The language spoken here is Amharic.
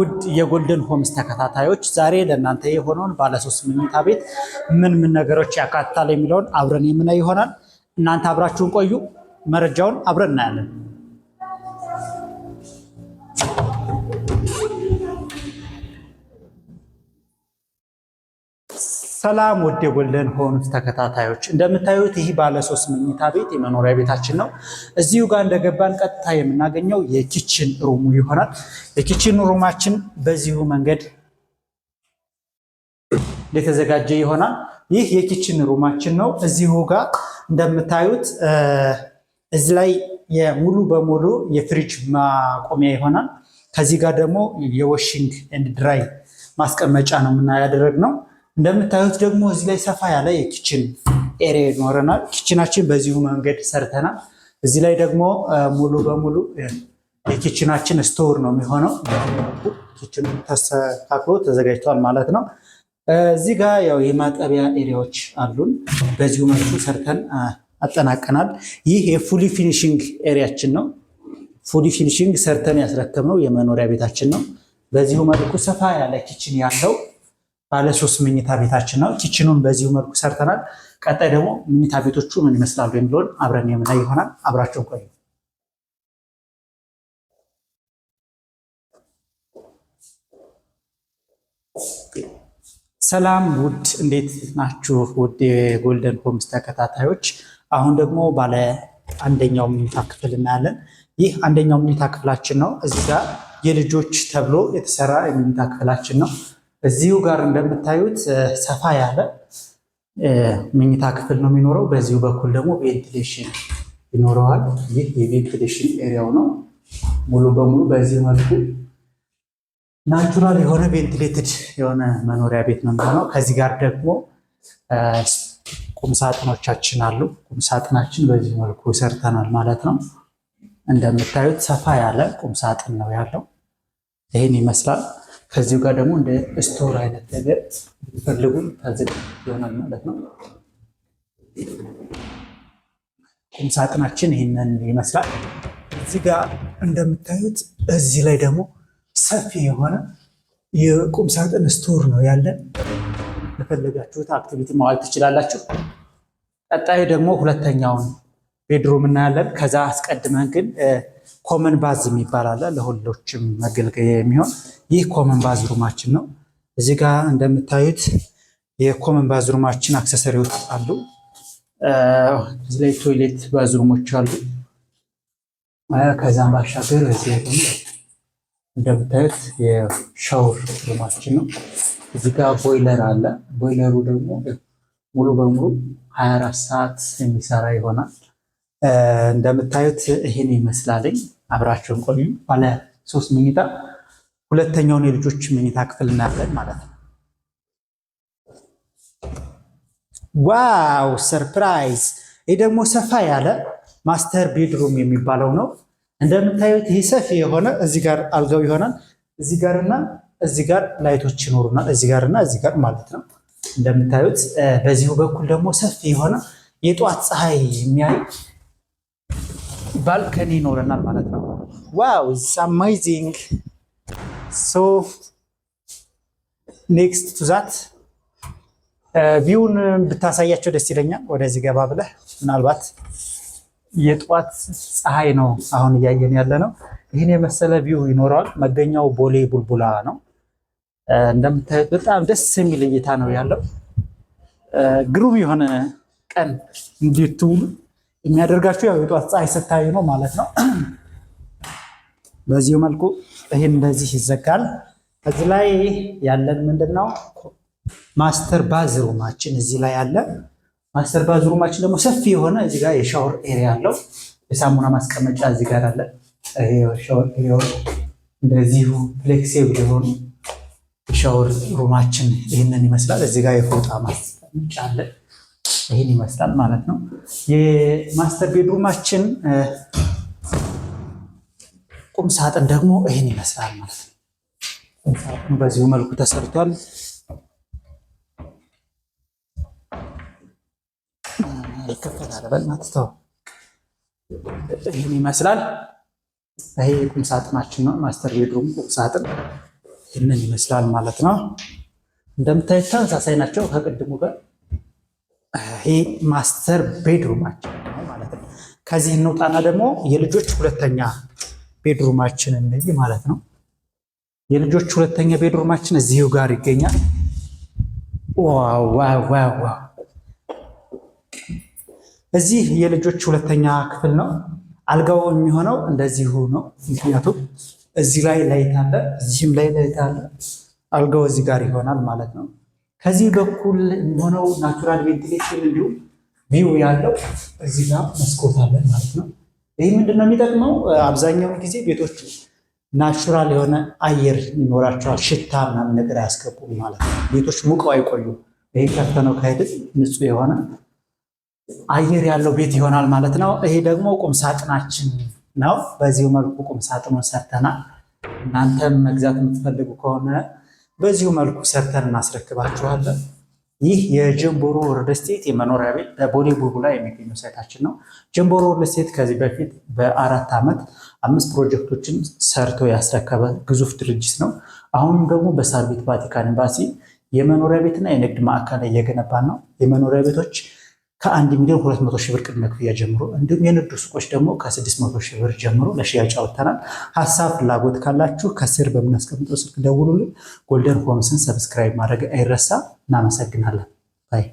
ውድ የጎልደን ሆምስ ተከታታዮች ዛሬ ለእናንተ የሆነውን ባለሶስት መኝታ ቤት ምን ምን ነገሮች ያካትታል የሚለውን አብረን የምናይ ይሆናል። እናንተ አብራችሁን ቆዩ፣ መረጃውን አብረን እናያለን። ሰላም ወደ ጎልደን ሆምስ ተከታታዮች እንደምታዩት ይህ ባለ ሶስት መኝታ ቤት የመኖሪያ ቤታችን ነው። እዚሁ ጋር እንደገባን ቀጥታ የምናገኘው የኪችን ሩሙ ይሆናል። የኪችን ሩማችን በዚሁ መንገድ የተዘጋጀ ይሆናል። ይህ የኪችን ሩማችን ነው። እዚሁ ጋር እንደምታዩት እዚህ ላይ ሙሉ በሙሉ የፍሪጅ ማቆሚያ ይሆናል። ከዚህ ጋር ደግሞ የወሽንግ ኤንድ ድራይ ማስቀመጫ ነው የምናያደረግ ነው። እንደምታዩት ደግሞ እዚህ ላይ ሰፋ ያለ የኪችን ኤሪያ ይኖረናል። ኪችናችን በዚሁ መንገድ ሰርተናል። እዚህ ላይ ደግሞ ሙሉ በሙሉ የኪችናችን ስቶር ነው የሚሆነው። ኪችኑ ተስተካክሎ ተዘጋጅቷል ማለት ነው። እዚህ ጋር ያው የማጠቢያ ኤሪያዎች አሉን። በዚሁ መልኩ ሰርተን አጠናቀናል። ይህ የፉሊ ፊኒሽንግ ኤሪያችን ነው። ፉሊ ፊኒሽንግ ሰርተን ያስረከብነው የመኖሪያ ቤታችን ነው። በዚሁ መልኩ ሰፋ ያለ ኪችን ያለው ባለ ሶስት መኝታ ቤታችን ነው። ኪችኑን በዚሁ መልኩ ሰርተናል። ቀጣይ ደግሞ መኝታ ቤቶቹ ምን ይመስላሉ የሚለውን አብረን የምናይ ይሆናል። አብራቸው ቆዩ። ሰላም ውድ እንዴት ናችሁ? ውድ የጎልደን ሆምስ ተከታታዮች አሁን ደግሞ ባለ አንደኛው መኝታ ክፍል እናያለን። ይህ አንደኛው መኝታ ክፍላችን ነው። እዚህ ጋር የልጆች ተብሎ የተሰራ የመኝታ ክፍላችን ነው። እዚሁ ጋር እንደምታዩት ሰፋ ያለ መኝታ ክፍል ነው የሚኖረው። በዚሁ በኩል ደግሞ ቬንቲሌሽን ይኖረዋል። ይህ የቬንቲሌሽን ኤሪያው ነው። ሙሉ በሙሉ በዚህ መልኩ ናቹራል የሆነ ቬንቲሌትድ የሆነ መኖሪያ ቤት ነው የሚሆነው። ከዚህ ጋር ደግሞ ቁምሳጥኖቻችን አሉ። ቁምሳጥናችን በዚህ መልኩ ሰርተናል ማለት ነው። እንደምታዩት ሰፋ ያለ ቁምሳጥን ነው ያለው። ይህን ይመስላል። ከዚሁ ጋር ደግሞ እንደ ስቶር አይነት ነገር ፈልጉ ታዝግ ይሆናል ማለት ነው። ቁምሳጥናችን ይህንን ይመስላል። እዚህ ጋር እንደምታዩት እዚህ ላይ ደግሞ ሰፊ የሆነ የቁምሳጥን ስቶር ነው ያለን። ለፈለጋችሁት አክቲቪቲ ማዋል ትችላላችሁ። ቀጣይ ደግሞ ሁለተኛውን ቤድሩም እናያለን። ከዛ አስቀድመን ግን ኮመን ባዝ የሚባል አለ፣ ለሁሎችም መገልገያ የሚሆን ይህ ኮመን ባዝ ሩማችን ነው። እዚህ ጋር እንደምታዩት የኮመን ባዝ ሩማችን አክሰሰሪዎች አሉ። እዚህ ላይ ቶይሌት ባዝ ሩሞች አሉ። ከዛም ባሻገር እዚህ ላይ ደግሞ እንደምታዩት የሻውር ሩማችን ነው። እዚህ ጋር ቦይለር አለ። ቦይለሩ ደግሞ ሙሉ በሙሉ 24 ሰዓት የሚሰራ ይሆናል። እንደምታዩት ይህን ይመስላለኝ። አብራቸውን ቆዩ። ባለ ሶስት መኝታ ሁለተኛውን የልጆች መኝታ ክፍል እናያለን ማለት ነው። ዋው ሰርፕራይዝ! ይህ ደግሞ ሰፋ ያለ ማስተር ቤድሩም የሚባለው ነው። እንደምታዩት ይህ ሰፊ የሆነ እዚህ ጋር አልጋው ይሆናል። እዚህ ጋርና እዚህ ጋር ላይቶች ይኖሩናል። እዚህ ጋርና እዚህ ጋር ማለት ነው። እንደምታዩት በዚሁ በኩል ደግሞ ሰፊ የሆነ የጧት ፀሐይ የሚያይ ሲባል ከኔ ይኖረናል ማለት ነው። ዋው ኢትስ ሶ ኔክስት ቱዛት ቪውን ብታሳያቸው ደስ ይለኛል። ወደዚህ ገባ ብለህ ምናልባት የጠዋት ፀሐይ ነው አሁን እያየን ያለ ነው። ይህን የመሰለ ቪው ይኖረዋል። መገኛው ቦሌ ቡልቡላ ነው። uh, እንደምታዩት በጣም ደስ የሚል እይታ ነው ያለው። uh, ግሩም የሆነ ቀን እንዲትውሉ የሚያደርጋችሁ ያው የጧት ፀሐይ ስታዩ ነው ማለት ነው። በዚሁ መልኩ ይህን እንደዚህ ይዘጋል። እዚህ ላይ ያለን ምንድን ነው ማስተር ባዝሩማችን እዚህ ላይ አለ። ማስተር ባዝሩማችን ደግሞ ሰፊ የሆነ እዚህ ጋር የሻወር ኤሪያ አለው። የሳሙና ማስቀመጫ እዚህ ጋር አለ። ሻወር ኤሪያው እንደዚሁ ፍሌክሲብል የሆኑ የሻወር ሩማችን ይህንን ይመስላል። እዚህ ጋር የፎጣ ማስቀመጫ አለ። ይህን ይመስላል ማለት ነው። የማስተር ቤድሩማችን ቁም ሳጥን ደግሞ ይህን ይመስላል ማለት ነው። ቁም ሳጥኑ በዚሁ መልኩ ተሰርቷል። ይከፈታል በልናት ይህን ይመስላል። ይሄ ቁም ሳጥናችን ነው። ማስተር ቤድሩም ቁም ሳጥን ይህንን ይመስላል ማለት ነው። እንደምታዩት ተመሳሳይ ናቸው ከቅድሙ ጋር ይሄ ማስተር ቤድሩማችን ነው ማለት ነው። ከዚህ እንውጣና ደግሞ የልጆች ሁለተኛ ቤድሩማችን እንደዚህ ማለት ነው። የልጆች ሁለተኛ ቤድሩማችን እዚሁ ጋር ይገኛል። ዋው እዚህ የልጆች ሁለተኛ ክፍል ነው። አልጋው የሚሆነው እንደዚሁ ነው። ምክንያቱም እዚህ ላይ ላይት አለ፣ እዚህም ላይ ላይት አለ። አልጋው እዚህ ጋር ይሆናል ማለት ነው። ከዚህ በኩል የሆነው ናቹራል ቬንቲሌሽን እንዲሁም ቪው ያለው እዚህ ጋር መስኮት አለን ማለት ነው። ይህ ምንድን ነው የሚጠቅመው? አብዛኛውን ጊዜ ቤቶቹ ናቹራል የሆነ አየር ይኖራቸዋል። ሽታ ምናምን ነገር አያስገቡም ማለት ነው። ቤቶች ሙቀው አይቆዩም። ይህ ከፍተነው ከሄድን ንጹህ የሆነ አየር ያለው ቤት ይሆናል ማለት ነው። ይሄ ደግሞ ቁምሳጥናችን ነው። በዚሁ መልኩ ቁምሳጥኑን ሰርተናል። እናንተም መግዛት የምትፈልጉ ከሆነ በዚሁ መልኩ ሰርተን እናስረክባችኋለን። ይህ የጀንቦሮ ርልስቴት የመኖሪያ ቤት በቦሌ ቡልቡላ የሚገኘው ሳይታችን ነው። ጀንቦሮ ርልስቴት ከዚህ በፊት በአራት ዓመት አምስት ፕሮጀክቶችን ሰርቶ ያስረከበ ግዙፍ ድርጅት ነው። አሁንም ደግሞ በሳርቤት ቫቲካን ኤምባሲ የመኖሪያ ቤትና የንግድ ማዕከል ላይ እየገነባን ነው። የመኖሪያ ቤቶች ከአንድ ሚሊዮን ሁለት መቶ ሺህ ብር ቅድመ ክፍያ ጀምሮ እንዲሁም የንግድ ሱቆች ደግሞ ከስድስት መቶ ሺህ ብር ጀምሮ ለሽያጭ አውጥተናል። ሀሳብ ፍላጎት ካላችሁ ከስር በምናስቀምጠው ስልክ ደውሉልን። ጎልደን ሆምስን ሰብስክራይብ ማድረግ አይረሳ። እናመሰግናለን። ባይ